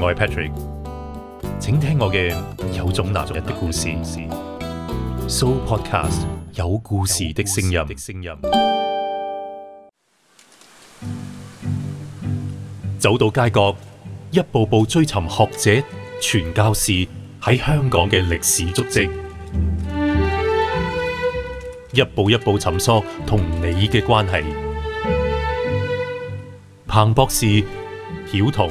我係 Patrick，請聽我嘅有種男人的故事。So Podcast 有故事的聲音。的聲音走到街角，一步步追尋學者、傳教士喺香港嘅歷史足跡，一步一步尋索同你嘅關係。彭博士曉彤。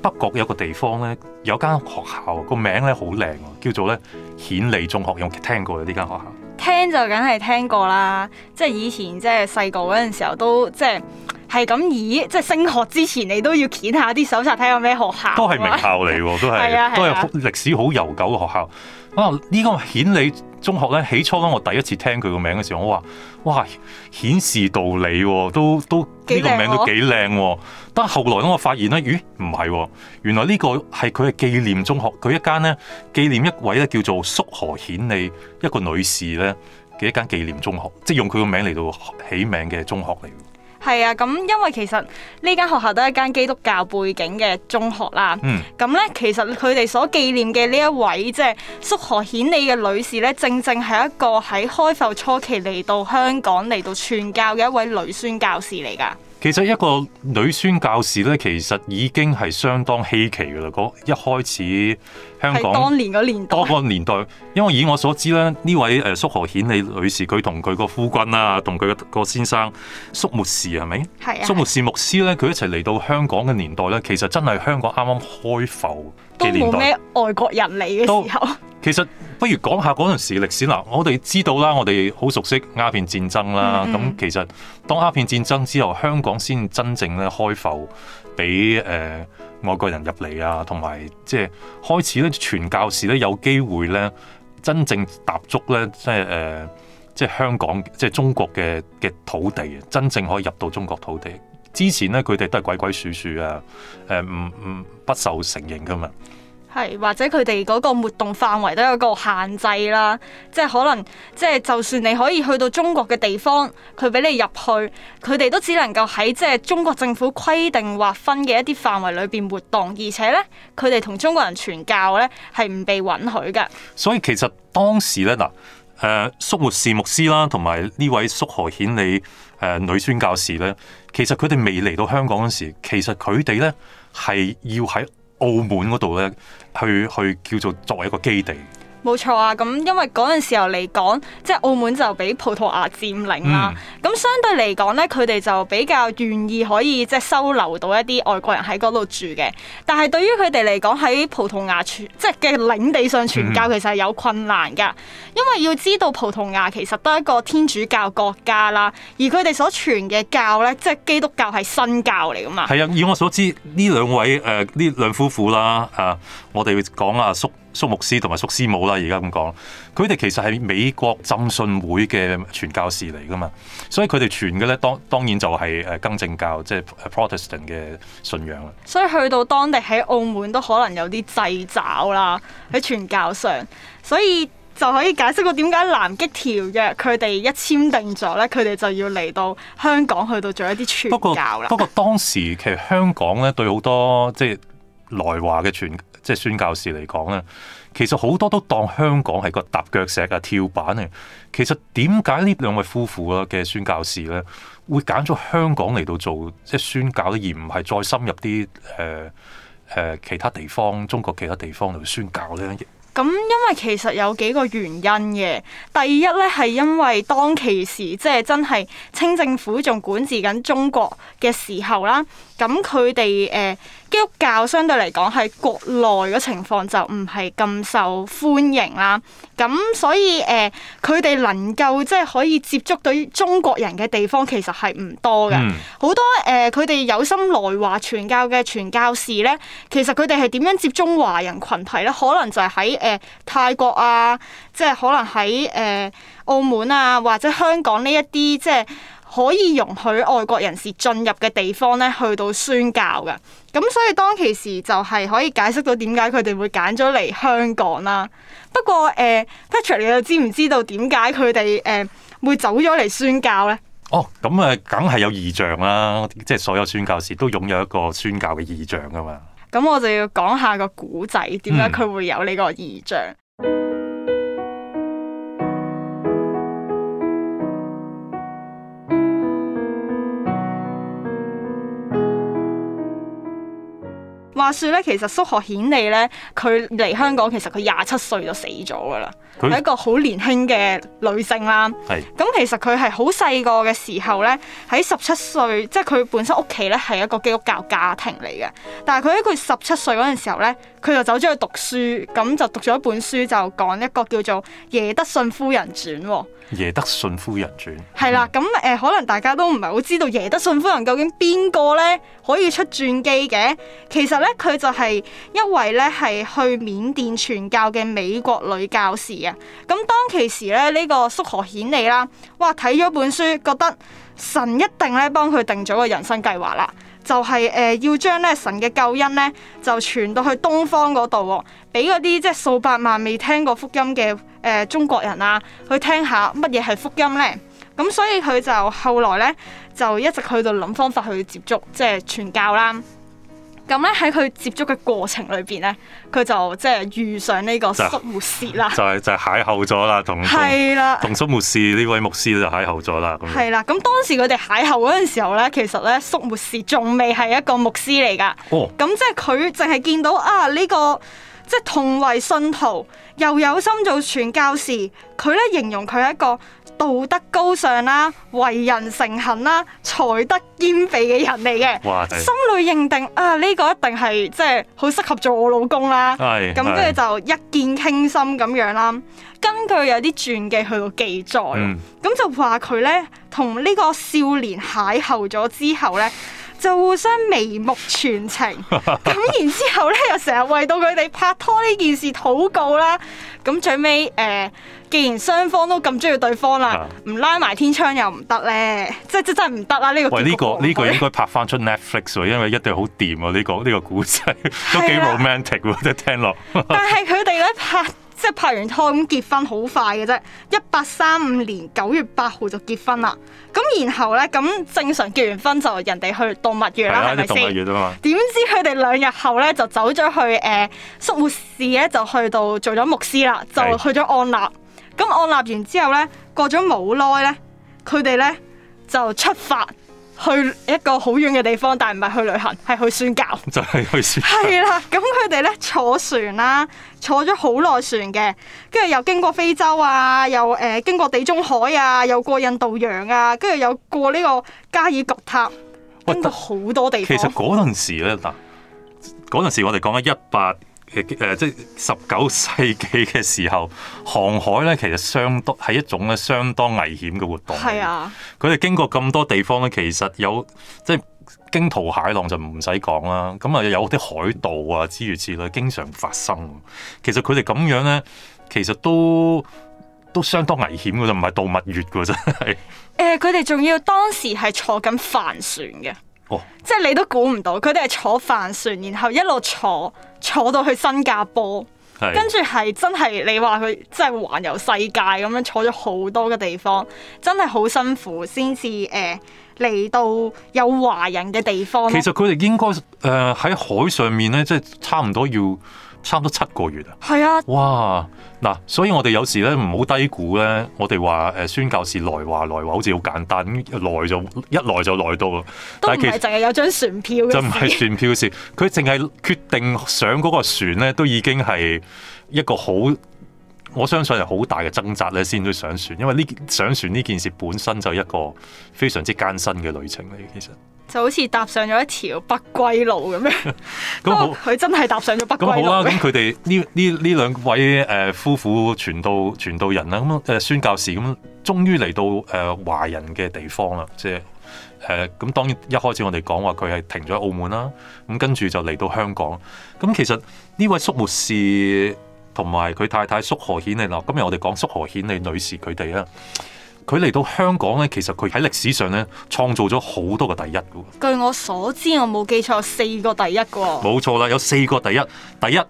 北角有個地方咧，有間學校個名咧好靚，叫做咧顯理中學，有冇聽過嘅呢間學校？聽就梗係聽過啦，即係以前即係細個嗰陣時候都即係。係咁，而即係升學之前，你都要揀下啲搜查，睇下咩學校、啊、都係名校嚟，都係、 啊啊、都係歷史好悠久嘅學校。啊，呢、這個顯理中學咧，起初咧，我第一次聽佢個名嘅時候，我話哇，顯示道理、啊，都都呢、這個名都幾靚、啊。 但係後來我發現咧，咦，唔係、啊，原來呢個係佢嘅紀念中學，佢一間咧紀念一位咧叫做蘇河顯理一個女士咧嘅一間紀念中學，即係用佢個名嚟到起名嘅中學嚟。係啊，咁因為其實呢間學校都係一間基督教背景嘅中學啦。咁咧、嗯，其實佢哋所紀念嘅呢一位即係叔何顯理嘅女士咧，正正係一個喺開埠初期嚟到香港嚟到傳教嘅一位女宣教士嚟噶。其實一個女宣教士咧，其實已經係相當稀奇噶啦，嗰一開始。香港當年嗰年代，多個年代，因為以我所知咧，呢位誒蘇荷顯理女士，佢同佢個夫君啦，啊，同佢個先生蘇木士係咪？係。蘇木士牧師咧，佢一齊嚟到香港嘅年代咧，其實真係香港啱啱開埠嘅年代，都冇咩外國人嚟嘅時候。其實不如講下嗰陣時歷史啦。我哋知道啦，我哋好熟悉鴉片戰爭啦。咁，嗯嗯、其實當鴉片戰爭之後，香港先真正咧開埠俾誒，呃、外國人入嚟啊，同埋即係開始咧。傳教士咧有機會咧，真正踏足咧、呃，即係誒，即係香港，即係中國嘅嘅土地，真正可以入到中國土地。之前咧，佢哋都係鬼鬼祟祟啊，誒唔唔不受承認㗎嘛。係或者佢哋嗰個活動範圍都有個限制啦，即係可能，即係就算你可以去到中國嘅地方，佢俾你入去，佢哋都只能夠喺即係中國政府規定劃分嘅一啲範圍裏邊活動，而且呢，佢哋同中國人傳教呢係唔被允許嘅。所以其實當時呢，嗱、呃，誒，蘇活士牧師啦，同埋呢位蘇何顯理誒、呃、女宣教士呢，其實佢哋未嚟到香港嗰陣時，其實佢哋呢係要喺澳門嗰度咧，去去叫做作為一個基地。冇錯啊，咁因為嗰陣時候嚟講，即係澳門就俾葡萄牙佔領啦。咁、嗯、相對嚟講咧，佢哋就比較願意可以即係收留到一啲外國人喺嗰度住嘅。但係對於佢哋嚟講，喺葡萄牙傳即係嘅領地上傳教，其實係有困難噶。嗯、因為要知道葡萄牙其實都係一個天主教國家啦，而佢哋所傳嘅教咧，即係基督教係新教嚟噶嘛。係啊，以我所知呢兩位誒呢兩夫婦啦，誒、呃、我哋講阿叔。宿牧師同埋宿師母啦，而家咁講，佢哋其實係美國浸信會嘅傳教士嚟噶嘛，所以佢哋傳嘅咧，當當然就係誒更正教，即、就、係、是、Protestant 嘅信仰啦。所以去到當地喺澳門都可能有啲掣肘啦，喺傳教上，所以就可以解釋個點解《南極條約》佢哋一簽定咗咧，佢哋就要嚟到香港去到做一啲傳教啦不，不過當時其實香港咧對好多即係來華嘅傳即係宣教士嚟講咧，其實好多都當香港係個踏腳石嘅跳板啊。其實點解呢兩位夫婦咯嘅宣教士咧，會揀咗香港嚟到做即係宣教，而唔係再深入啲誒誒其他地方、中國其他地方嚟宣教呢？咁因為其實有幾個原因嘅。第一咧係因為當其時即係真係清政府仲管治緊中國嘅時候啦。咁佢哋誒基督教相對嚟講，係國內嘅情況就唔係咁受歡迎啦。咁所以誒佢哋能夠即係可以接觸到中國人嘅地方其實，係唔、嗯、多嘅。好多誒佢哋有心來華傳教嘅傳教士咧，其實，佢哋係點樣接中華人群體咧？可能就係喺誒泰國啊，即係可能喺誒、呃、澳門啊或者香港呢一啲即係。可以容許外國人士進入嘅地方咧，去到宣教㗎，咁所以當其時就係可以解釋到點解佢哋會揀咗嚟香港啦。不過誒、呃、Patrick，你又知唔知道點解佢哋誒會走咗嚟宣教咧？哦，咁、嗯、誒，梗、嗯、係有異象啦，即係所有宣教士都擁有一個宣教嘅異象噶嘛。咁我就要講下個古仔，點解佢會有呢個異象。嗯話説咧，其實蘇何顯利呢，咧，佢嚟香港其實佢廿七歲就死咗噶啦，係她一個好年輕嘅女性啦。係咁是、嗯，其實佢係好細個嘅時候咧，喺十七歲，即係佢本身屋企咧係一個基督教家庭嚟嘅。但係佢喺佢十七歲嗰陣時候咧，佢就走咗去讀書，咁、嗯、就讀咗一本書，就講一個叫做《耶德遜夫人傳》。耶德遜夫人傳係、嗯、啦。咁誒、呃，可能大家都唔係好知道耶德遜夫人究竟邊個咧，可以出傳記嘅？其實咧。佢就係一位咧係去緬甸傳教嘅美國女教士啊，咁當其時咧呢、這個蘇荷顯理啦，哇睇咗本書，覺得神一定咧幫佢定咗個人生計劃啦，就係、是、誒、呃、要將咧神嘅救恩咧就傳到去東方嗰度，俾嗰啲即係數百萬未聽過福音嘅誒、呃、中國人啊去聽下乜嘢係福音咧，咁所以佢就後來咧就一直去到諗方法去接觸即係傳教啦。咁咧喺佢接觸嘅過程裏邊咧，佢就即係遇上呢個叔木士啦，就係就係邂逅咗啦，同同同叔木士呢位牧師就邂逅咗啦。咁係啦，咁當時佢哋邂逅嗰陣時候咧，其實咧叔木士仲未係一個牧師嚟㗎，咁、哦、即係佢淨係見到啊呢、呢個即係同為信徒，又有心做傳教士，佢咧形容佢係一個，道德高尚啦，為人誠懇啦，才德兼備嘅人嚟嘅，哇心裏認定啊呢、呢個一定係即係好適合做我老公啦。咁跟住就一見傾心咁樣啦。哎、根據有啲傳記去到記載，咁、嗯、就話佢呢同呢個少年邂逅咗之後呢。就互相眉目傳情，咁然之後咧又成日為到佢哋拍拖呢件事禱告啦。咁最尾誒、呃，既然雙方都咁中意對方啦，唔是的 拉埋天窗又唔得咧，即即真係唔得啦。呢個、個可可呢、呢個喂呢個呢個應該拍翻出 Netflix 因為一定好掂啊！呢、呢個呢、呢個古仔都幾 romantic 喎，即係的聽落起。 但係佢哋咧拍。即係拍完拖咁結婚好快嘅啫，一八三五年九月八號就結婚啦。咁然後咧，咁正常結完婚就人哋去度蜜月啦，係咪先？蜜月啫嘛。點知佢哋兩日後咧就走咗去誒，蘇末士咧就去到做咗牧師啦，就去咗按立。咁按立完之後咧，過咗冇耐咧，佢哋咧就出發。去一個好遠嘅地方，但係唔係去旅行，係去宣教。 就係去宣教。 係啦，咁佢哋咧坐船啦、啊，坐咗好耐船嘅，跟住又經過非洲啊，又誒、呃、經過地中海啊，又過印度洋啊，跟住又過呢個加爾各塔，哇經過好多地方。其實嗰陣時咧嗱，嗰陣時我哋講緊一八。誒，即係十九世紀嘅時候，航海咧其實相當係一種咧相當危險嘅活動。係啊，佢哋經過咁多地方咧，其實有即係驚濤駭浪就唔使講啦。咁啊，有啲海盜啊，諸如此類，經常發生。其實佢哋咁樣咧，其實都都相當危險㗎，就唔係度蜜月㗎，真係。誒，佢哋仲要當時係坐緊帆船嘅。哦、即係你都估唔到，佢哋係坐帆船，然後一路坐坐到去新加坡，是的 跟住係真係你話佢即係環遊世界咁樣坐咗好多嘅地方，真係好辛苦先至誒嚟到有華人嘅地方。其實佢哋應該誒喺、呃、海上面咧，即係差唔多要，差唔多七個月啊，係啊，哇嗱，所以我哋有時咧唔好低估咧，我哋話誒宣教士來華來華好似好簡單，來就一來就來到啦，但係其實淨係有張船票嘅事，就唔係船票事，佢淨係決定上嗰個船咧，都已經係一個好，我相信係好大嘅掙扎咧，先至上船，因為呢上船呢件事本身就係一個非常之艱辛嘅旅程嚟。其實。就好似踏上咗一條不歸路咁樣，不過佢真係踏上咗不歸路。好啦，咁佢哋呢呢呢兩位誒夫婦傳道傳道人啦，咁誒宣教士咁，終於嚟到誒華、呃、人嘅地方啦，即係誒咁。呃、當然一開始我哋講話佢係停咗喺澳門啦，咁跟住就嚟到香港。咁其實呢位叔未士同埋佢太太叔何顯利，嗱今日我哋講叔何顯利女士佢哋啊。佢嚟到香港咧，其實佢喺歷史上咧創造咗好多個第一嘅。據我所知，我冇記錯，有四個第一嘅喎。冇錯啦，有四個第一。第一，嗱、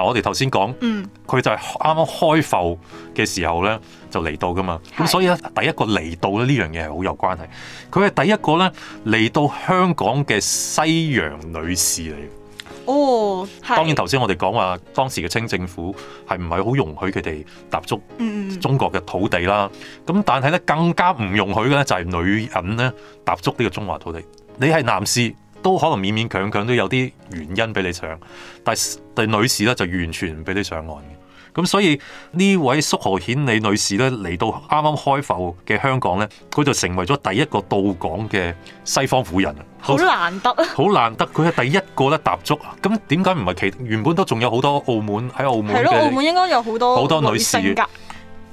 啊、我哋頭先講，嗯，佢就係啱啱開埠嘅時候咧就嚟到㗎嘛。咁所以咧，第一個嚟到咧呢樣嘢係好有關係。佢係第一個咧嚟到香港嘅西洋女士嚟。哦，當然頭先我哋講話當時嘅清政府係唔係好容許佢哋踏足中國嘅土地啦？咁、嗯、但係咧更加唔容許嘅咧就係女人咧踏足呢個中華土地。你係男士都可能勉勉強強都有啲原因俾你上，但係但女士咧就完全唔俾你上岸嘅。咁、嗯、所以呢位叔荷顯李女士咧嚟到啱啱開埠嘅香港咧，佢就成為咗第一個到港嘅西方婦人啊！好難得，好 難得，佢係第一個得踏足。咁點解唔係其原本都仲有好多澳門喺澳門？係咯，澳門應該有好多好多女士㗎。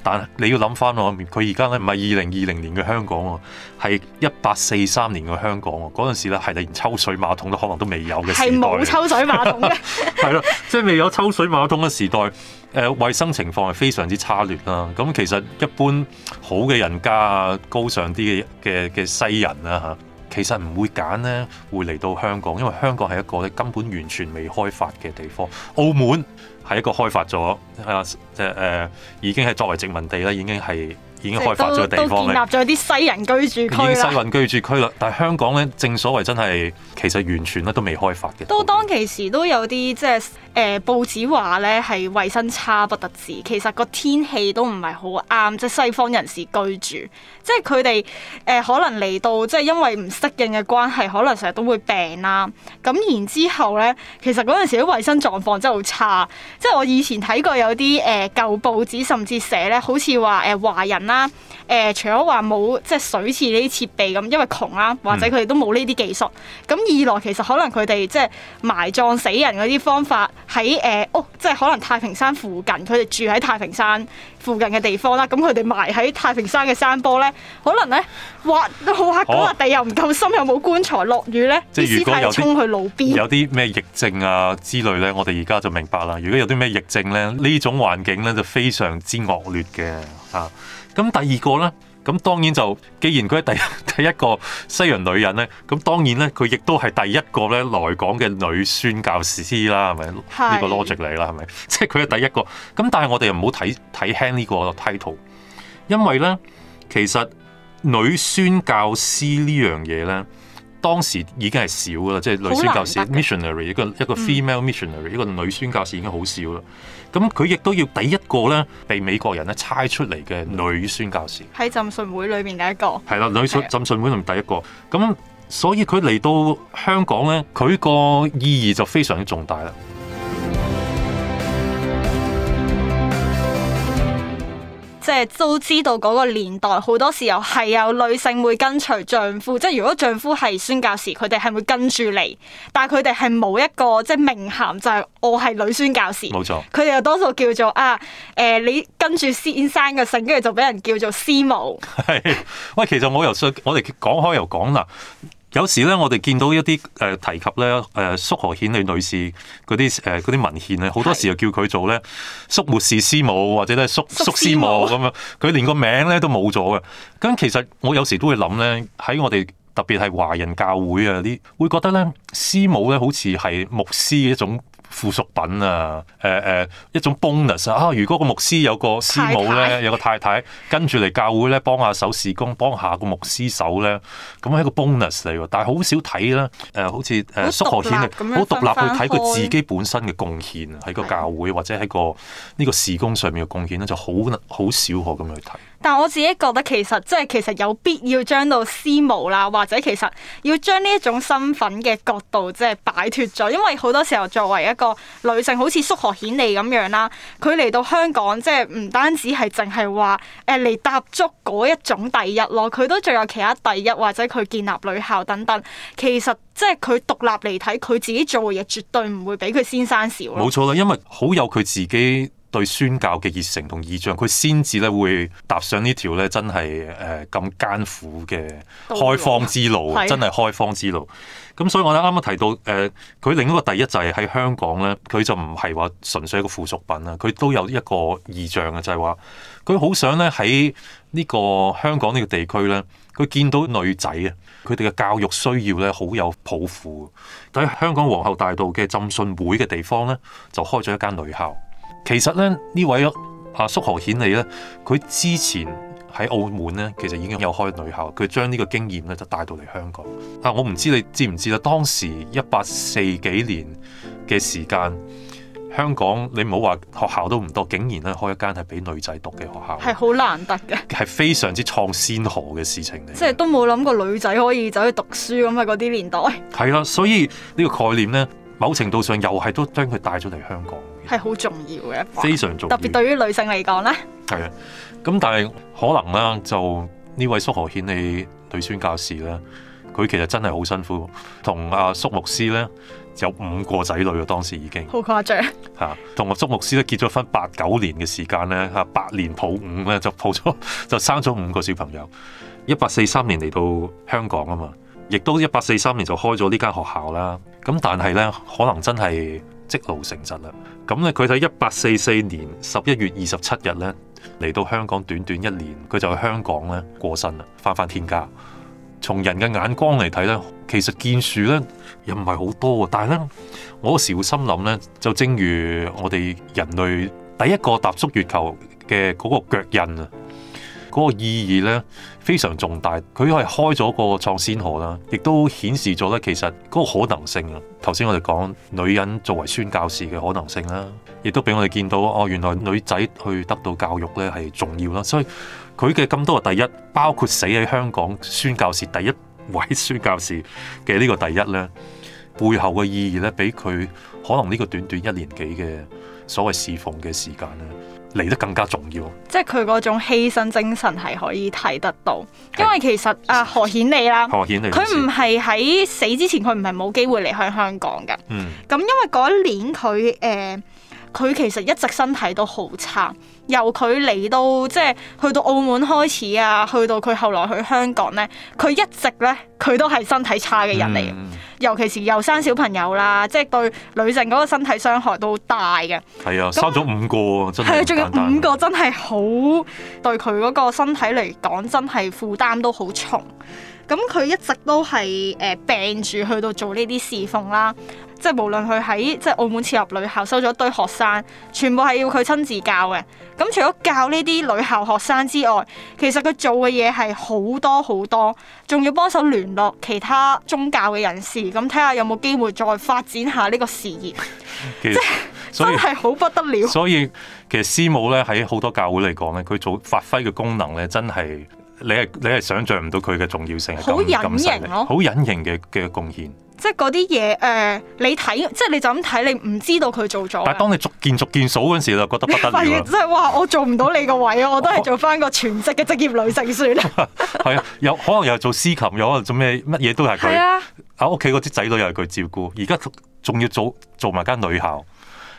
但你要諗翻喎，佢而家咧唔係二零二零年嘅香港喎，係一八四三年嘅香港喎。嗰陣時咧係連抽水馬桶都可能都未有嘅時代。係冇抽水馬桶嘅。係咯，即係未有抽水馬桶嘅時代，誒、呃，衞生情況係非常之差劣啦。咁、啊、其實一般好嘅人家啊，高尚啲嘅嘅嘅西人啦嚇。啊其實唔會揀咧，會嚟到香港，因為香港係一個根本完全未開發嘅地方。澳門係一個開發咗，係、呃、啊，即係誒，已經係作為殖民地咧，已經係已經開發咗嘅地方咧。都都建立咗啲西人居住區啦，已經西人居住區啦。了但係香港咧，正所謂真係，其實完全咧都未開發嘅。都當其時都有啲即係。誒、呃、報紙話咧係衞生差不特止，其實個天氣都唔係好啱，即係西方人士居住，即係佢哋誒可能嚟到，即係因為唔適應嘅關係，可能成日都會病啦、啊。咁然之後咧，其實嗰陣時啲衞生狀況真係好差，即係我以前睇過有啲誒、呃、舊報紙，甚至寫咧好似話誒華人啦、啊，誒、呃、除咗話冇即係水池呢啲設備咁，因為窮啦、啊，或者佢哋都冇呢啲技術。咁、嗯、二來其實可能佢哋即係埋葬死人嗰啲方法。喺誒屋，即係可能太平山附近，佢哋住喺太平山附近嘅地方啦。咁佢哋埋喺太平山嘅山坡咧，可能咧，挖個地又唔夠深，又冇棺材，落雨咧，啲屍體沖去路邊。有啲咩疫症啊之類咧，我哋而家就明白啦。如果有啲咩疫症咧，種呢種環境咧就非常之惡劣嘅嚇。咁，啊，第二個咧。咁當然就，既然佢係第一第一個西洋女人咧，咁當然咧佢亦都係第一個咧來港嘅女宣教師啦，係咪？呢係個 logic 嚟啦，係咪？即係佢係第一個。咁但係我哋又唔好睇睇輕呢個 title，因為咧其實女宣教師呢樣嘢咧，當時已經係少噶啦，即係女宣教師 missionary 一個一個 female missionary、嗯、一個女宣教師已經好少啦。咁佢亦都要第一個咧，被美國人咧猜出嚟嘅女宣教師，喺浸信會裏面第一個，係啦，女宣的浸信會裏面第一個。咁所以佢嚟到香港咧，佢個意義就非常之重大啦。即係都知道嗰個年代好多時候係有女性會跟隨丈夫，即係如果丈夫係宣教士，佢哋係會跟住嚟，但係佢哋係冇一個即係名銜，就係我係女宣教士。冇錯，佢哋又多數叫做啊，誒、呃，你跟住先生嘅姓，跟住就俾人叫做師母。係，喂，其實我又想，我哋講開又講嗱。有時咧，我哋見到一啲誒、呃、提及咧誒，叔何顯理女士嗰啲誒啲文獻咧，好多時又叫佢做咧叔未士師母，或者咧叔叔師母咁樣，佢連個名咧都冇咗嘅。咁其實我有時都會諗咧，喺我哋特別係華人教會啊，啲會覺得咧師母咧好似係牧師嘅一種附屬品啊，誒、呃、誒、呃、一種 bonus 啊，啊！如果個牧師有個師母咧，太太有個太太跟住嚟教會咧，幫下手事工，幫下個牧師手咧，咁係一個 bonus 嚟喎。但係、呃、好少睇啦，誒好似誒縮河錢好獨立去睇佢自己本身嘅貢獻喺個教會是的 或者喺個呢、呢個事工上面嘅貢獻咧，就好好少學咁樣去睇。但我自己覺得其實即係其實有必要將到私無啦，或者其實要將呢一種身份嘅角度即係擺脱咗，因為好多時候作為一個女性，好似叔何顯理咁樣啦，佢嚟到香港即係唔單止係淨係話誒嚟踏足嗰一種第一咯，佢都仲有其他第一或者佢建立女校等等。其實即係佢獨立嚟睇佢自己做嘅嘢，絕對唔會比佢先生少。冇錯啦，因為好有佢自己對宣教嘅熱誠同意象，佢先至咧會踏上呢條咧真係誒咁艱苦嘅開荒之路，真係開荒之路。咁是所以我哋啱啱提到誒，佢、呃、另一個第一就係喺香港咧，佢就唔係話純粹一個附屬品啊，佢都有一個意象嘅，就係話佢好想咧喺呢個香港呢個地區咧，佢見到女仔啊，佢哋嘅教育需要咧好有抱負。喺香港皇后大道嘅浸信會嘅地方咧，就開咗一間女校。其實咧，位啊、呢位阿叔何顯理呢佢之前喺澳門呢，其實已經有開女校，佢將呢個經驗呢就帶到嚟香港。啊，我唔知你知唔知啦，當時一八四幾年嘅時間，香港你唔好話學校都唔多，竟然咧開一間係俾女仔讀嘅學校，係好難得嘅，係非常之創先河嘅事情嚟。即係都冇諗過女仔可以走去讀書咁啊！嗰啲年代係啦、 啊，所以呢個概念呢，某程度上又係都將佢帶咗嚟香港。係好重要嘅哇非常重要，特別對於女性嚟講呢，係啊，咁但係可能呢，就呢位叔何顯理女宣教士呢，佢其實真係好辛苦。同阿叔牧師呢，有五個仔女啊，當時已經好誇張。吓，同阿叔牧師呢結咗婚八九年嘅時間呢，吓八年抱五呢，就抱咗就生咗五個小朋友。一八四三年嚟到香港啊嘛，亦都一八四三年就開咗呢間學校啦。咁但係呢，可能真係。積勞成疾啦，咁咧佢喺一八四四年十一月二十七日咧嚟到香港，短短一年佢就喺香港咧過身啦，翻翻天家。從人嘅眼光嚟睇咧，其實見樹咧又唔係好多，但係咧我有時會心諗咧，就正如我哋人類第一個踏足月球嘅嗰個腳印啊。嗰個意義咧非常重大，佢係開咗個創先河啦，亦都顯示咗咧其實嗰個可能性啊。頭先我哋講女人作為宣教士嘅可能性啦，亦都俾我哋見到哦，原來女仔去得到教育呢係重要啦。所以佢嘅咁多個第一，包括死喺香港宣教士第一位宣教士嘅呢個第一呢，背後嘅意義呢，比佢可能呢個短短一年幾嘅所謂侍奉嘅時間咧，嚟得更加重要，即係佢嗰種犧牲精神係可以睇得到，是因為其實啊，何顯理啦，佢唔係喺死之前，佢唔係冇機會離開香港嘅，咁、嗯嗯、因為嗰一年佢誒。呃佢其實一直身體都好差，由佢嚟到即係去到澳門開始啊，去到佢後來去香港咧，佢一直咧佢都係身體差嘅人嚟，嗯、尤其是又生小朋友啦，即係對女性嗰個身體傷害都大嘅。係啊，那生咗五個真係，仲有五個真係好對佢嗰個身體嚟講真係負擔都好重。咁佢一直都係誒、呃、病住，去到做呢啲侍奉啦。即係無論佢喺即係澳門設立女校，收咗一堆學生，全部係要佢親自教嘅。咁除咗教呢啲女校學生之外，其實佢做嘅嘢係好多好多，仲要幫手聯絡其他宗教嘅人士，咁睇下有冇機會再發展下呢個事業。即係真係好不得了所。所以其實師母咧喺好多教會嚟講咧，佢做發揮嘅功能咧，真係你係你係想象唔到佢嘅重要性。好隱形咯、啊，好隱形嘅嘅貢獻。即係嗰啲嘢誒，你睇即係你就咁睇，你唔知道佢做咗。但係當你逐件逐件數嗰陣時，就覺得不得了，即係 哇，我做唔到你個位啊， 我都係做翻個全職嘅職業女性算啦。係 啊，有可能又係做私琴，又可能做咩乜嘢都係佢。係啊，屋企嗰啲仔女又係佢照顧，而家仲要做做埋間女校，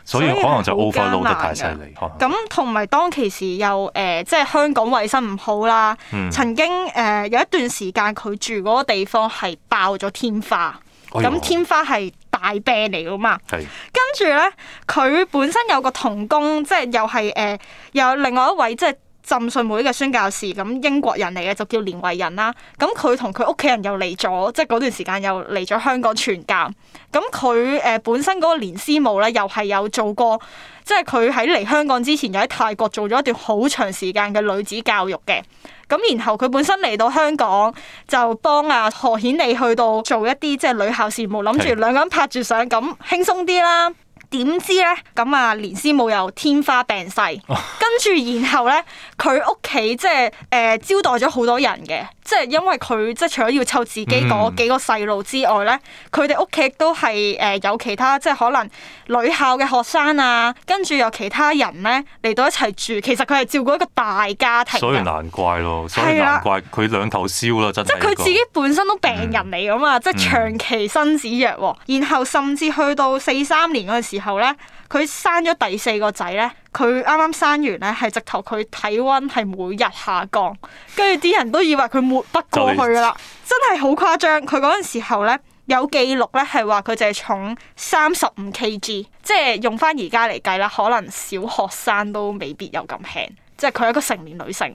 所以，所以可能就 overload 得太犀利。咁同埋當其時又誒，即、呃、係、就是、香港衞生唔好啦。嗯、曾經誒、呃、有一段時間，佢住嗰個地方係爆咗天花。咁天花係大病嚟噶嘛？是跟住咧，佢本身有個童工，即係又係誒，呃、又有另外一位即係。浸信會嘅宣教士，咁英國人嚟嘅就叫連為仁啦。咁佢同佢屋企人又嚟咗，即係嗰段時間又嚟咗香港傳教。咁佢誒本身嗰個連師母咧，又係有做過，即係佢喺嚟香港之前，又喺泰國做咗一段好長時間嘅女子教育嘅。咁然後佢本身嚟到香港就幫阿、啊、何顯理去到做一啲即係女校事務，諗住兩個人拍住相，咁輕鬆啲啦。點知咧？咁啊，連師母又天花病逝， 跟住然後咧，佢屋企即係誒、呃、招待咗好多人嘅。即係因為佢即係除咗要湊自己嗰幾個細路之外咧，佢哋屋企都係誒有其他即係可能女校嘅學生啊，跟住有其他人咧嚟到一齊住。其實佢係照顧一個大家庭，所以難怪咯，啊、所以難怪佢兩頭燒啦，真係。即係佢自己本身都病人嚟噶嘛，嗯、即係長期身子弱、哦，嗯、然後甚至去到四三年嗰陣時候咧，佢生咗第四個仔咧。佢啱啱生完咧，係直頭佢體溫係每日下降，跟住啲人都以為佢抹唔過去啦，真係好誇張。佢嗰陣時候咧有記錄咧，係話佢淨係重三十五 kg，即係用返而家嚟計啦，可能小學生都未必有咁輕，即係佢係一個成年女性。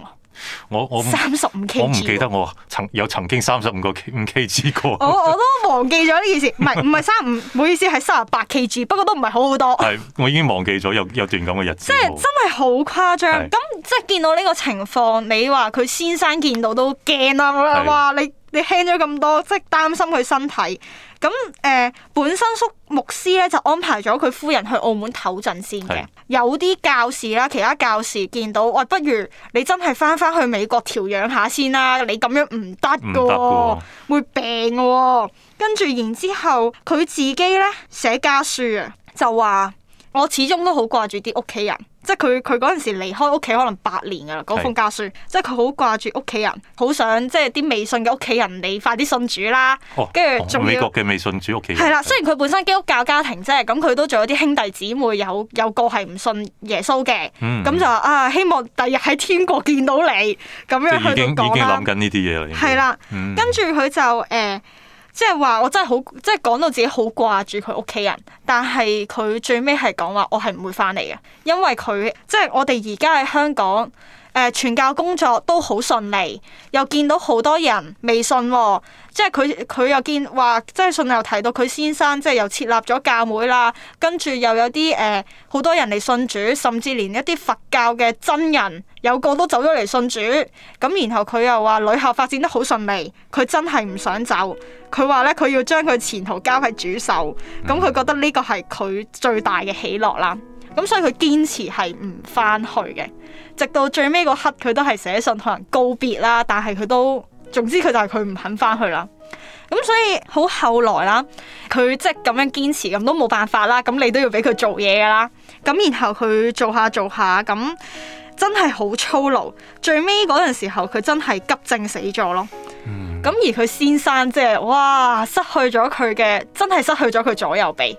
我我三十五 K，我唔記得我曾有曾經三十五個 K 五 KG 過我。我我都忘記咗呢件事，唔係唔係三十五，唔 好意思係三十八 K 字，不過都唔係好好多。係我已經忘記咗有有段咁嘅日子。是的 即係真係好誇張，咁即係見到呢個情況，你話佢先生見到都驚啦，話是的 你你輕咗咁多，即係擔心佢身體。咁誒、呃，本身叔牧師咧就安排咗佢夫人去澳門唞陣先嘅。是有啲教士啦，其他教士見到，喂、哎，不如你真係翻翻去美國調養下先啦，你咁樣唔得嘅，會病嘅、哦。跟住然之後，佢自己咧寫家書啊，就話。我始終都好掛住啲屋企人，即係佢佢嗰陣時離開屋企可能八年噶啦，嗰封家書是，即係佢好掛住屋企人，好想即係啲未信嘅屋企人你快啲信主啦，跟住、哦哦、仲要美國嘅未信主屋企人係啦，的的雖然佢本身基督教家庭啫，咁佢都仲有啲兄弟姊妹有有個係唔信耶穌嘅，咁、嗯、就啊希望第日喺天國見到你咁樣去到講，已經諗緊呢啲嘢啦。係啦、嗯，跟住佢就誒。嗯即係話我真係好，即係講到自己好掛住佢屋企人，但係佢最尾係講話我係唔會翻嚟嘅，因為佢即係我哋而家喺香港。誒傳、呃、教工作都好順利，又見到好多人未信喎、哦，即係佢佢又見話，即係信又提到佢先生，即係又設立咗教會啦，跟住又有啲誒好多人嚟信主，甚至連一啲佛教嘅僧人有個都走咗嚟信主，咁然後佢又話女校發展得好順利，佢真係唔想走，佢話咧佢要將佢前途交喺主手，咁佢覺得呢個係佢最大嘅喜樂啦。咁、嗯、所以佢堅持係唔翻去嘅，直到最尾嗰刻佢都係寫信同人告別啦。但係佢都，總之佢就係佢唔肯翻去啦。咁、嗯、所以好後來啦，佢即係咁樣堅持咁都冇辦法啦。咁你都要俾佢做嘢噶啦。咁然後佢做下做下，咁真係好粗魯。最尾嗰陣時候佢真係急症死咗咯。咁、嗯、而佢先生即、就、係、是、哇，失去咗佢嘅真係失去咗佢左右臂。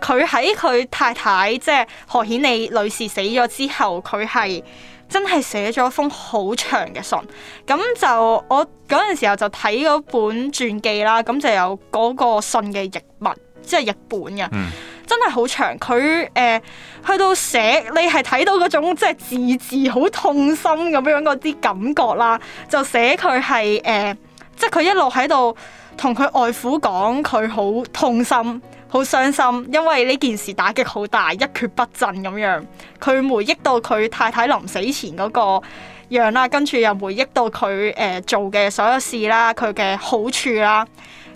佢喺佢太太即係何顯利女士死咗之後，佢係真係寫咗封好長嘅信。咁就我嗰陣時候就睇嗰本傳記啦，咁就有嗰個信嘅譯文，即係譯本嘅，嗯、真係好長。佢誒、呃、去到寫，你係睇到嗰種即係字字好痛心咁樣嗰啲感覺啦。就寫佢係誒，即係佢一路喺度同佢外父講，佢好痛心。好傷心，因為呢件事打擊好大，一蹶不振咁樣。佢回憶到佢太太臨死前嗰個樣啦，跟住又回憶到佢誒做嘅所有事啦，佢嘅好處啦，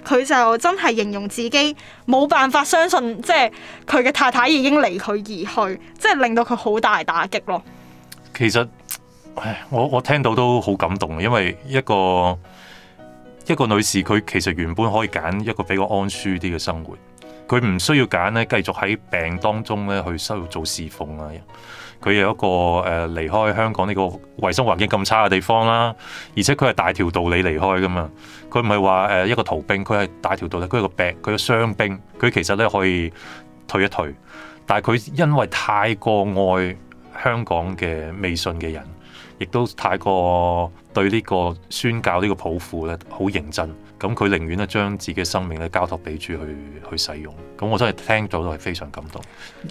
佢就真係形容自己冇辦法相信，即係佢嘅太太已經離佢而去，即係令到佢好大打擊咯。其實我我聽到都好感動，因為一個一個女士，佢其實原本可以揀一個比較安舒啲嘅生活。佢唔需要揀咧，繼續喺病當中咧去收入做侍奉啊！佢有一個誒離開香港呢個衞生環境咁差嘅地方啦，而且佢係大條道理離開噶嘛。佢唔係話誒一個逃兵，佢係大條道理，佢係個病，佢個傷兵，佢其實咧可以退一退，但係佢因為太過愛香港嘅未信嘅人，亦都太過對呢個宣教呢個抱負咧好認真。咁佢寧願咧將自己生命咧交託俾主去去使用，咁我真係聽到都係非常感動。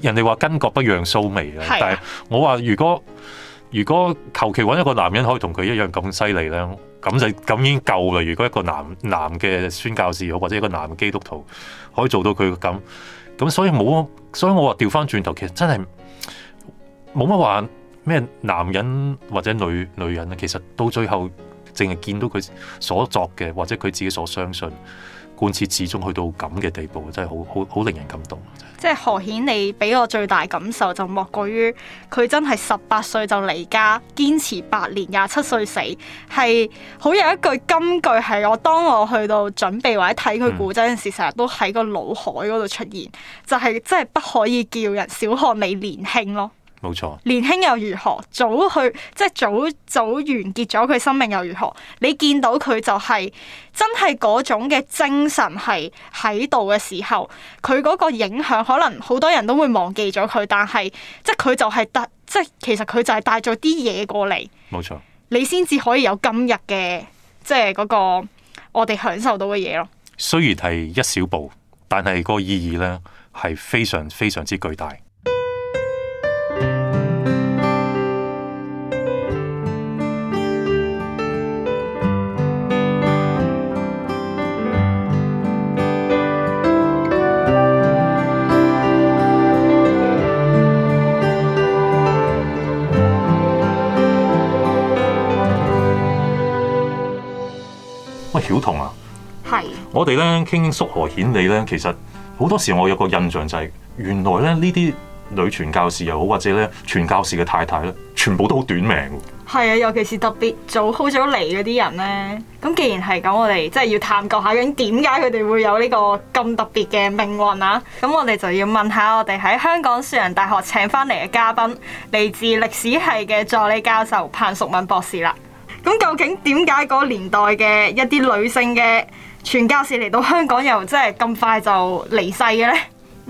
人哋話巾幗不讓須眉啊，但係我話如果如果求其揾一個男人可以同佢一樣咁犀利咧，咁就咁已經夠啦。如果一個男男嘅宣教士，或者一個男基督徒可以做到佢咁，咁所以冇，所以我話調翻轉頭，其實真係冇乜話咩男人或者女女人啊，其實到最後。淨係見到佢所作嘅，或者佢自己所相信、貫徹，始終去到咁嘅地步，真係好好令人感動。即係何顯，你俾我最大感受就莫過於佢真係十八歲就離家，堅持八年，廿七歲死，係好有一句金句係我當我去到準備或者睇佢古仔嗰陣時成日都喺個腦海嗰度出現，就係、是、真係不可以叫人小看你年輕咯。冇錯，年輕又如何？早去即係早早完結咗佢生命又如何？你見到佢就係真係嗰種嘅精神係喺度嘅時候，佢嗰個影響可能好多人都會忘記咗佢，但係即係佢就係帶即係其實佢就係帶咗啲嘢過嚟。冇錯，你先至可以有今日嘅即係嗰個我哋享受到嘅嘢咯。雖然係一小步，但係個意義咧係非常非常之巨大。曉彤啊，係是，我哋咧傾傾叔何顯理咧，其實好多時我有個印象就係、是，原來咧呢啲女傳教士又好，或者咧傳教士嘅太太咧，全部都好短命。係啊，尤其是特別早好早嚟嗰啲人咧，咁既然係咁，我哋即係要探究下究竟點解佢哋會有這個這呢個咁特別嘅命運啊？咁我哋就要問下我哋喺香港樹仁大學請翻嚟嘅嘉賓，嚟自歷史系嘅助理教授彭淑敏博士啦。咁究竟點解嗰年代嘅一啲女性嘅傳教士嚟到香港又即係咁快就離世嘅呢？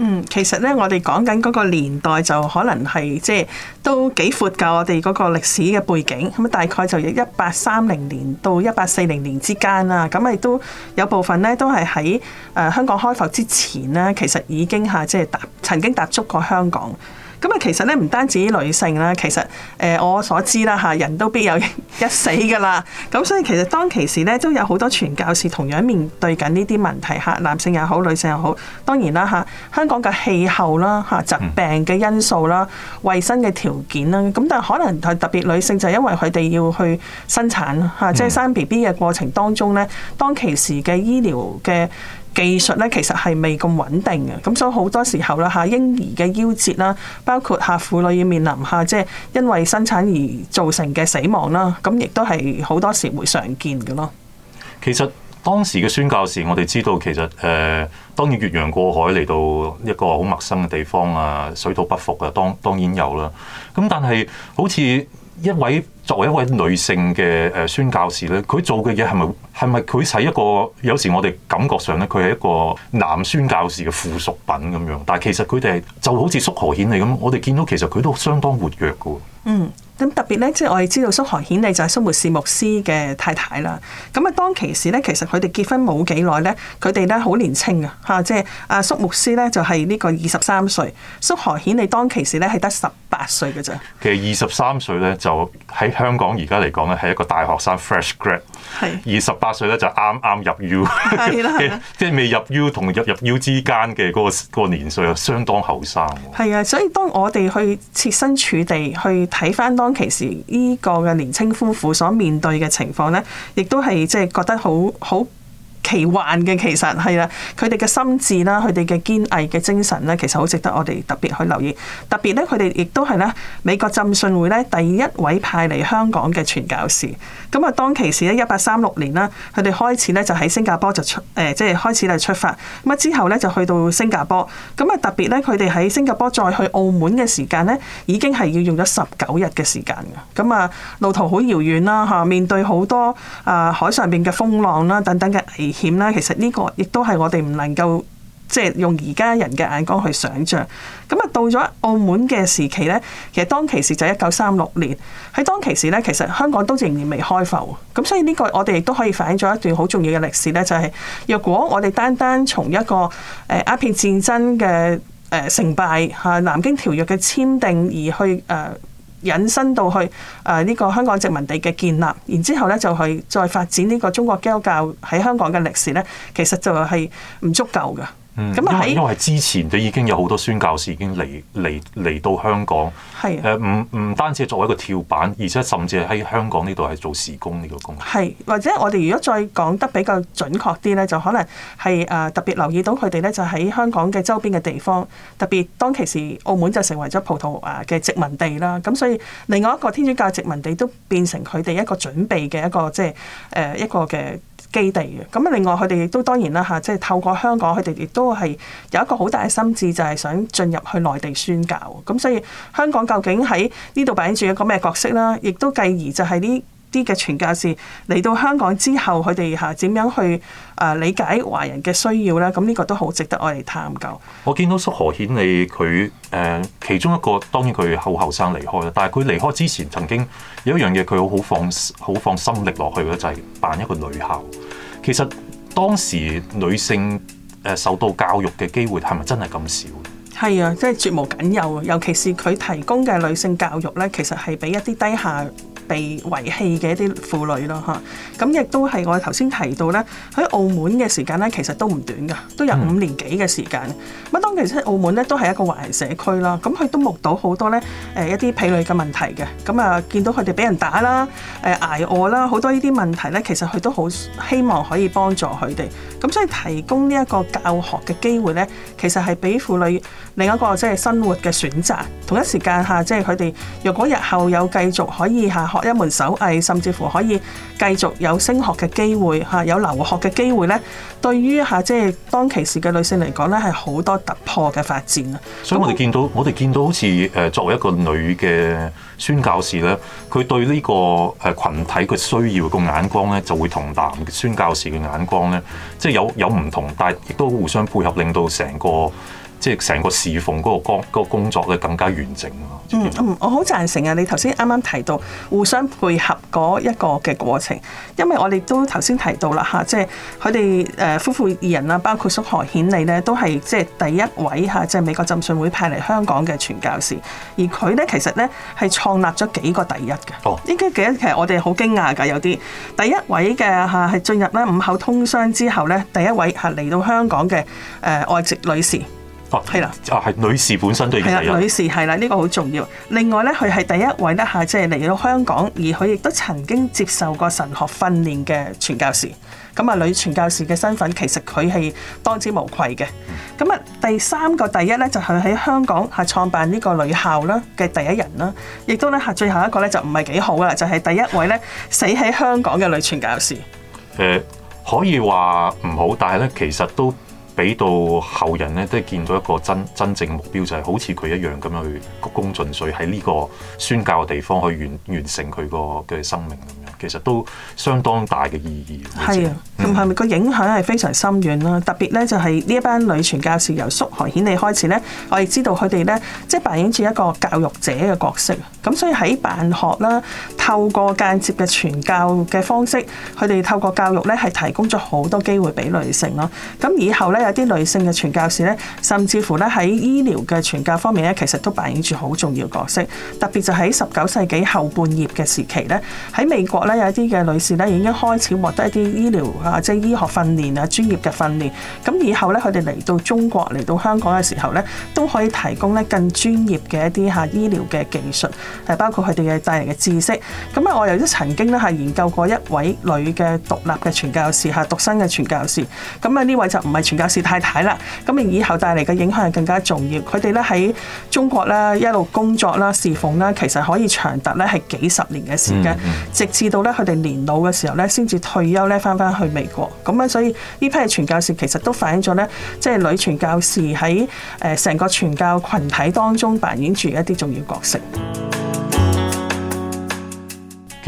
嗯，其實呢，我哋講緊嗰個年代就可能係即係都幾闊㗎，我哋嗰個歷史嘅背景咁、嗯、大概就由一八三零年到一八四零年之間啦。咁、嗯、亦都有部分呢，都係喺誒香港開埠之前呢，其實已經嚇即係踏曾經踏足過香港。咁啊，其實咧唔單止女性啦，其實誒我所知啦嚇，人都必有一死噶啦。咁所以其實當其時咧，都有好多傳教士同樣面對緊呢啲問題嚇，男性又好，女性又好。當然啦嚇，香港嘅氣候啦嚇，疾病嘅因素啦，衞生嘅條件啦，咁但係可能係特別女性就因為佢哋要去生產嚇，即係生 B B 嘅過程當中咧，當其時嘅醫療嘅技術咧其實係未咁穩定嘅，咁所以好多時候啦嚇，下嬰兒嘅夭折啦，包括嚇婦女要面臨下，即係因為生產而造成嘅死亡啦，咁亦都係好多時會常見嘅咯。其實當時嘅宣教士，我哋知道其實誒、呃，當然越洋過海嚟到一個好陌生嘅地方啊，水土不服啊，當當然有啦。咁但係好似。一位，作為一位女性嘅誒宣教士咧，佢做嘅嘢係咪係咪佢係一個，有時我哋感覺上咧，佢係一個男宣教士嘅附屬品咁樣？但係其實佢哋就好似縮河顯你咁，我哋見到其實佢都相當活躍㗎。嗯。咁特別咧，即係我哋知道蘇荷顯利就係蘇末士牧師嘅太太啦。咁啊，當其時咧，其實佢哋結婚冇幾耐咧，佢哋咧好年青啊嚇！即係阿、啊、蘇牧師咧就係、是、呢個二十三歲，蘇荷顯利當其時咧係得十八歲嘅咋。其實二十三歲咧就喺香港而家嚟講咧係一個大學生 fresh grad，係二十八的歲咧就啱啱入 U，係啦，的 即係未入 U 同入入 U 之間嘅嗰、嗰個嗰個年歲又相當後生。係啊，所以當我哋去設身處地去睇翻當。其實呢個嘅年青夫婦所面對嘅情況咧，亦都係即係覺得好好。奇幻嘅其實係啦，佢哋嘅心智啦，佢哋嘅堅毅嘅精神咧，其實好值得我哋特別去留意。特別咧，佢哋亦都係咧美國浸信會咧第一位派嚟香港嘅傳教士。咁啊，當其時咧，一八三六年啦，佢哋開始咧就喺新加坡就出誒，即係開始嚟出發。咁啊，之後咧就去到新加坡。咁啊，特別咧，佢哋喺新加坡再去澳門嘅時間咧，已經係要用咗十九日嘅時間。咁啊，路途好遙遠啦嚇，面對好多啊海上面嘅風浪啦等等嘅危險。險呢，其實呢個亦都係我哋唔能夠即係用而家人嘅眼光去想象咁啊。到咗澳門嘅時期呢，其實當其時就一九三六年喺當其時呢，其實香港都仍然未開埠，咁所以呢個我哋亦都可以反映咗一段好重要嘅歷史呢。就係、是、若果我哋單單從一個誒鴉片戰爭嘅誒成敗吓《南京條約》嘅簽訂而去誒。引申到去誒呢、呃這個香港殖民地嘅建立，然之後咧就去再發展呢個中國基督教喺香港嘅歷史咧，其實就係唔足夠嘅。嗯，因為因為之前佢已經有好多宣教士已經嚟嚟嚟到香港，係誒唔唔單止作為一個跳板，而且甚至係喺香港呢度係做時工呢個工。係，或者我哋如果再講得比較準確啲咧，就可能係誒特別留意到佢哋咧，就喺香港嘅周邊嘅地方，特別當其時澳門就成為咗葡萄牙嘅殖民地啦。咁所以另外一個天主教殖民地都變成佢哋一個準備嘅一個，即係誒一個嘅基地嘅。咁啊，另外佢哋亦都當然啦吓即係透過香港，佢哋亦都係有一個好大嘅心智，就係、是、想進入去內地宣教。咁所以香港究竟喺呢度擺住一個咩角色啦？亦都繼而就係呢？啲嘅傳教士嚟到香港之後，佢哋吓點樣去啊、呃、理解華人嘅需要咧？咁、嗯、呢、這個都好值得我哋探究。我見到蘇荷顯利佢誒、呃、其中一個，當然佢後後生離開啦。但係佢離開之前，曾經有一樣嘢佢好好放好放心力落去嘅，就係、是、辦一個女校。其實當時女性誒、呃、受到教育嘅機會，係咪真係咁少？係啊，即、就、係、是、絕無僅有啊！尤其是佢提供嘅女性教育咧，其實係俾一啲低下。被遺棄嘅一啲婦女咯嚇，咁、啊、亦都係我頭先提到咧，喺澳門嘅時間咧，其實都唔短噶，都有五年幾嘅時間。咁、嗯、當其時喺澳門咧，都係一個華人社區啦，咁、嗯、佢都目睹好多咧誒、呃、一啲婢女嘅問題嘅，咁、嗯、啊見到佢哋俾人打啦、誒挨餓啦，好多呢啲問題咧，其實佢都好希望可以幫助佢哋。咁、嗯、所以提供呢一個教學嘅機會咧，其實係俾婦女。另一個即係生活嘅選擇，同一時間嚇，即係佢哋若果日後有繼續可以嚇學一門手藝，甚至乎可以繼續有升學嘅機會嚇，有留學嘅機會咧，對於嚇即係當其時嘅女性嚟講咧，係好多突破嘅發展啊！所以我哋見到，我哋見到好似誒作為一個女嘅宣教士咧，佢對呢個誒羣體嘅需要個眼光咧，就會同男宣教士嘅眼光咧，即係有有唔同，但係亦都互相配合，令到成個。即係成個侍奉嗰個工作咧更加完整咯。嗯嗯，我好贊成啊！你頭先啱啱提到互相配合嗰一個嘅過程，因為我哋都頭先提到啦嚇、啊，即係佢哋誒夫婦二人啦，包括叔何顯理咧，都係即係第一位嚇、啊，即係美國浸信會派嚟香港嘅傳教士。而佢咧其實咧係創立咗幾個第一嘅哦，呢啲第一其實我哋好驚訝㗎，有啲第一位嘅嚇係進入咧五口通商之後咧，第一位嚇嚟、啊、到香港嘅誒、啊、外籍女士。係啦，哦係、啊、女士本身都係。係啦、啊，女士係啦，呢、啊呢個好重要。另外呢佢係第一位咧，吓即係嚟到香港，而佢亦都曾經接受過神學訓練嘅傳教士。咁、嗯、啊，女傳教士嘅身份，其實佢係當之無愧嘅。咁、嗯、啊，第三個第一呢，就佢、是、喺香港係創辦呢個女校啦嘅第一人啦，亦都呢，吓最後一個呢，就唔係幾好噶啦，就係、是、第一位呢，死喺香港嘅女傳教士。誒、呃，可以話唔好，但係呢，其實都。俾到後人咧，都係見到一個真真正目標，就係、是、好似佢一樣咁樣去鞠躬盡瘁喺呢個宣教嘅地方去完完成佢個嘅生命咁樣，其實都相當大嘅意義。係啊，咁係咪個影響係非常深遠啦？特別咧就係、是、呢一班女傳教士由縮寒顯理開始咧，我亦知道佢哋咧即係扮演住一個教育者嘅角色。咁所以喺辦學啦，透過間接嘅傳教嘅方式，佢哋透過教育咧，係提供咗好多機會俾女性咯。咁以後咧，有啲女性嘅傳教士咧，甚至乎咧喺醫療嘅傳教方面咧，其實都扮演住好重要角色。特別就喺十九世紀後半葉嘅時期咧，喺美國咧有一啲嘅女士咧已經開始獲得一啲醫療啊，即係醫學訓練啊、專業嘅訓練。咁以後咧，佢哋嚟到中國嚟到香港嘅時候咧，都可以提供咧更專業嘅一啲吓醫療嘅技術。誒包括佢哋嘅帶嚟嘅知識咁咧，我由於曾經咧係研究過一位女嘅獨立嘅傳教士嚇，獨身嘅傳教士咁啊，呢位就唔係傳教士太太啦。咁而以後帶嚟嘅影響更加重要。佢哋咧喺中國咧一路工作啦、侍奉啦，其實可以長達咧係幾十年嘅時間，嗯嗯直至到咧佢哋年老嘅時候咧先至退休咧，翻翻去美國咁咧。所以呢批傳教士其實都反映咗咧，即係女傳教士喺誒成個傳教群體當中扮演住一啲重要角色。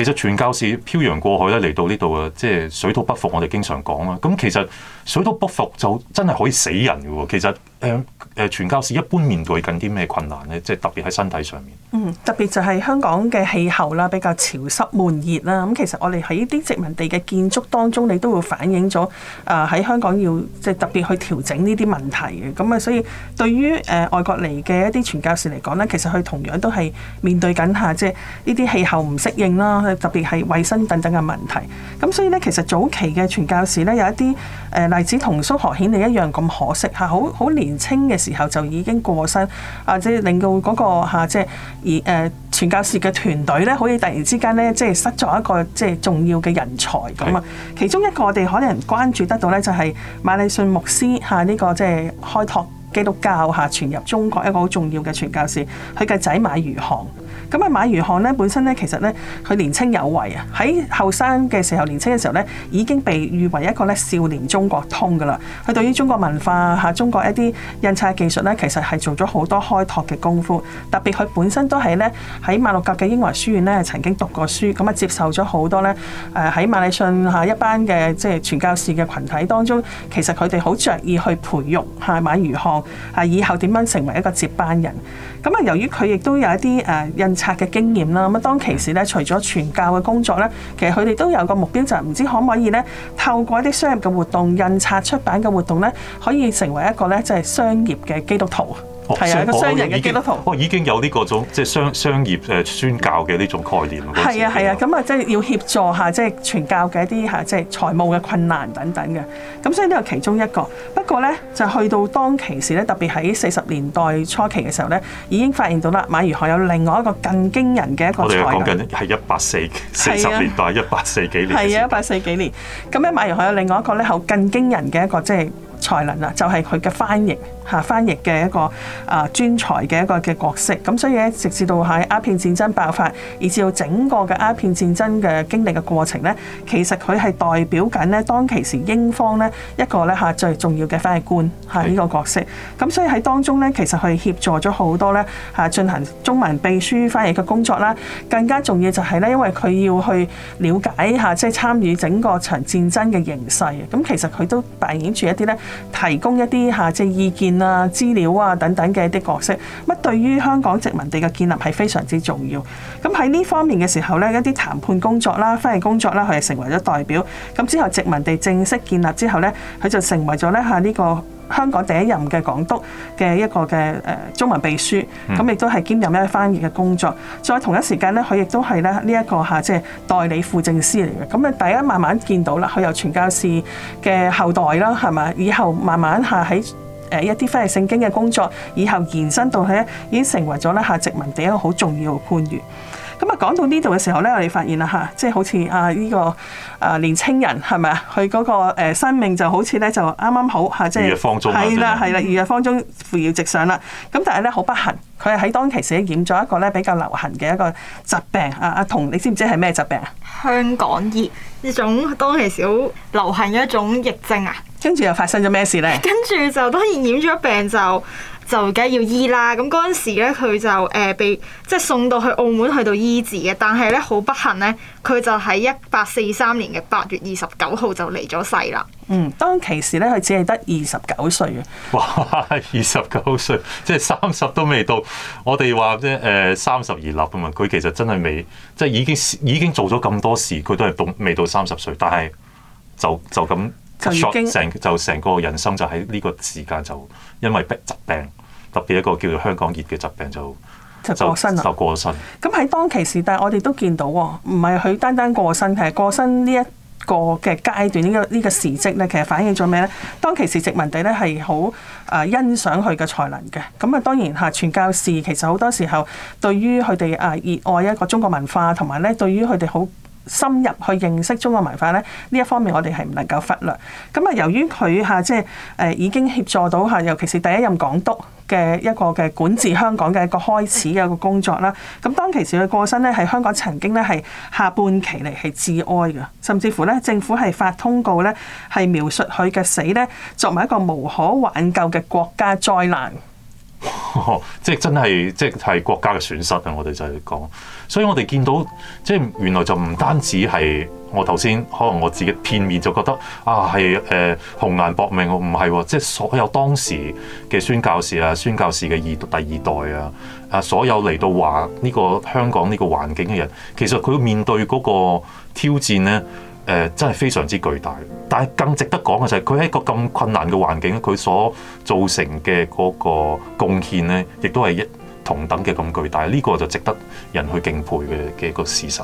其實傳教士漂洋過海咧嚟到呢度，即係水土不服，我哋經常講啦。咁其實水土不服就真係可以死人嘅。其實。誒誒，傳教士一般面對緊啲咩困難呢？即係特別喺身體上面。嗯，特別就係香港嘅氣候啦，比較潮濕悶熱啦。咁、嗯、其實我哋喺啲殖民地嘅建築當中，你都會反映咗啊！喺、呃、香港要即係特別去調整呢啲問題嘅。咁、嗯、啊，所以對於誒、呃、外國嚟嘅一啲傳教士嚟講呢，其實佢同樣都係面對緊下即係呢啲氣候唔適應啦，特別係衞生等等嘅問題。咁、嗯、所以呢，其實早期嘅傳教士呢，有一啲誒、呃、例子同蘇學顯你一樣咁可惜嚇，好好年青嘅時候就已經過身，即者令到、那、嗰個嚇即係，而、啊、誒、呃、傳教士嘅團隊咧，可以突然之間咧，即係失咗一個即係重要嘅人才咁啊。是的 其中一個我哋可能關注得到咧，就係馬禮遜牧師嚇呢、啊這個即係開拓基督教嚇傳入中國一個好重要嘅傳教士，佢嘅仔馬如航。咁啊，馬如翰咧本身咧，其實咧，佢年青有為啊！喺後生嘅時候，年青嘅時候咧，已經被譽為一個咧少年中國通㗎喇。佢對於中國文化嚇，中國一啲印刷技術咧，其實係做咗好多開拓嘅功夫。特別佢本身都係咧喺馬六甲嘅英華書院咧曾經讀過書，咁啊接受咗好多咧誒喺馬里遜下一班嘅即係傳教士嘅群體當中，其實佢哋好着意去培育嚇馬如翰嚇以後點樣成為一個接班人。咁啊，由於佢亦都有一啲誒印。策嘅經驗啦，咁啊當其時咧，除咗傳教嘅工作咧，其實佢哋都有個目標，就係、是、唔知可唔可以咧，透過一啲商業嘅活動、印刷出版嘅活動咧，可以成為一個咧，即係商業嘅基督徒。係啊，一個商人嘅基督徒，我、哦已，哦、已經有呢個種即係商商業誒、呃、宣教嘅呢種概念咯。係啊係啊，咁啊即係要協助下即係、就是、傳教嘅一啲吓即係財務嘅困難等等嘅。咁所以呢個其中一個，不過咧就去到當其時咧，特別喺四十年代初期嘅時候咧，已經發現到啦。馬爾可有另外一個更驚人嘅一個。我哋講緊係一八四四十年代、啊、一八四、啊、四幾年。係啊，一八四幾年。咁咧馬爾可有另外一個咧，好更驚人嘅一個即係。才能啦，就係佢嘅翻譯嚇，翻譯嘅一個啊專才嘅一個嘅角色。咁所以咧，直至到喺鴉片戰爭爆發，以至到整個嘅鴉片戰爭嘅經歷嘅過程咧，其實佢係代表緊咧當其時英方咧一個咧嚇最重要嘅翻譯官，嚇呢個角色。咁所以喺當中咧，其實佢協助咗好多咧嚇進行中文秘書翻譯嘅工作啦。更加重要就係咧，因為佢要去了解嚇，即係參與整個場戰爭嘅形勢。咁其實佢都扮演住一啲咧。提供一啲下即意見啊、資料啊等等嘅一啲角色乜，對於香港殖民地嘅建立係非常之重要。咁喺呢方面嘅時候咧，一啲談判工作啦、啊、翻譯工作啦、啊，佢係成為咗代表。咁之後殖民地正式建立之後咧，佢就成為咗咧嚇呢個。香港第一任嘅港督嘅一個嘅誒中文秘書，咁亦都係兼任咧翻譯嘅工作。再同一時間咧，佢亦都係咧呢一個嚇即係代理輔政司嚟嘅。咁咧，大家慢慢見到啦，佢又傳教士嘅後代啦，係咪？以後慢慢下喺誒一啲非聖經嘅工作，以後延伸到咧已經成為咗咧下殖民地一個好重要嘅官員。咁啊，講到呢度嘅時候咧，我哋發現啦吓，即係好似啊呢個啊年青人係咪啊？佢嗰個生命就好似咧就啱啱好吓，即係如係啦係啦，如月方中，如月方中扶搖直上啦。咁但係咧好不幸，佢係喺當其時染咗一個咧比較流行嘅一個疾病。阿、啊、阿童，你知唔知係咩疾病啊？香港熱，一種當其時好流行嘅一種疫症啊！跟住又發生咗咩事咧？跟住就當然染咗病就。就梗係要醫啦，咁嗰陣時咧，佢就誒被即係送到去澳門去到醫治嘅，但係咧好不幸咧，佢就喺一八四三年嘅八月二十九號就離咗世啦。嗯，當其時咧，佢只係得二十九歲嘅。哇，二十九歲，即係三十都未到。我哋話即誒三十而立啊嘛，佢其實真係未，即係已經已經做咗咁多事，佢都係到未到三十歲，但係就就咁成就成個人生就喺呢個時間就因為疾病。特別一個叫做香港熱嘅疾病就就過身啦，就過身。咁喺當其時，但係我哋都見到喎、哦，唔係佢單單過身，係過身呢一個嘅階段，呢、呢個呢、呢個時節咧，其實反映咗咩咧？當其時殖民地咧係好啊欣賞佢嘅才能嘅。咁啊當然嚇傳教士其實好多時候對於佢哋啊熱愛一個中國文化，同埋咧對於佢哋好深入去認識中國文化呢，呢一方面我哋係唔能夠忽略。咁啊，由於佢嚇即係誒、呃、已經協助到嚇，尤其是第一任港督嘅一個嘅管治香港嘅一個開始嘅一個工作啦。咁當其時佢過身呢喺香港曾經呢係下半期嚟係致哀嘅，甚至乎呢政府係發通告呢係描述佢嘅死呢作為一個無可挽救嘅國家災難。 即係真係，即係係國家嘅損失啊！我哋就係講，所以我哋見到即係原來就唔單止係我頭先可能我自己片面就覺得啊係誒、呃、紅顏薄命，唔係、啊、即係所有當時嘅宣教士啊、宣教士嘅二第二代啊啊，所有嚟到話呢個香港呢個環境嘅人，其實佢面對嗰個挑戰呢。誒、呃、真係非常之巨大，但係更值得講嘅就係佢喺一個咁困難嘅環境，佢所造成嘅嗰個貢獻咧，亦都係一同等嘅咁巨大，呢、這個就值得人去敬佩嘅嘅一個事實。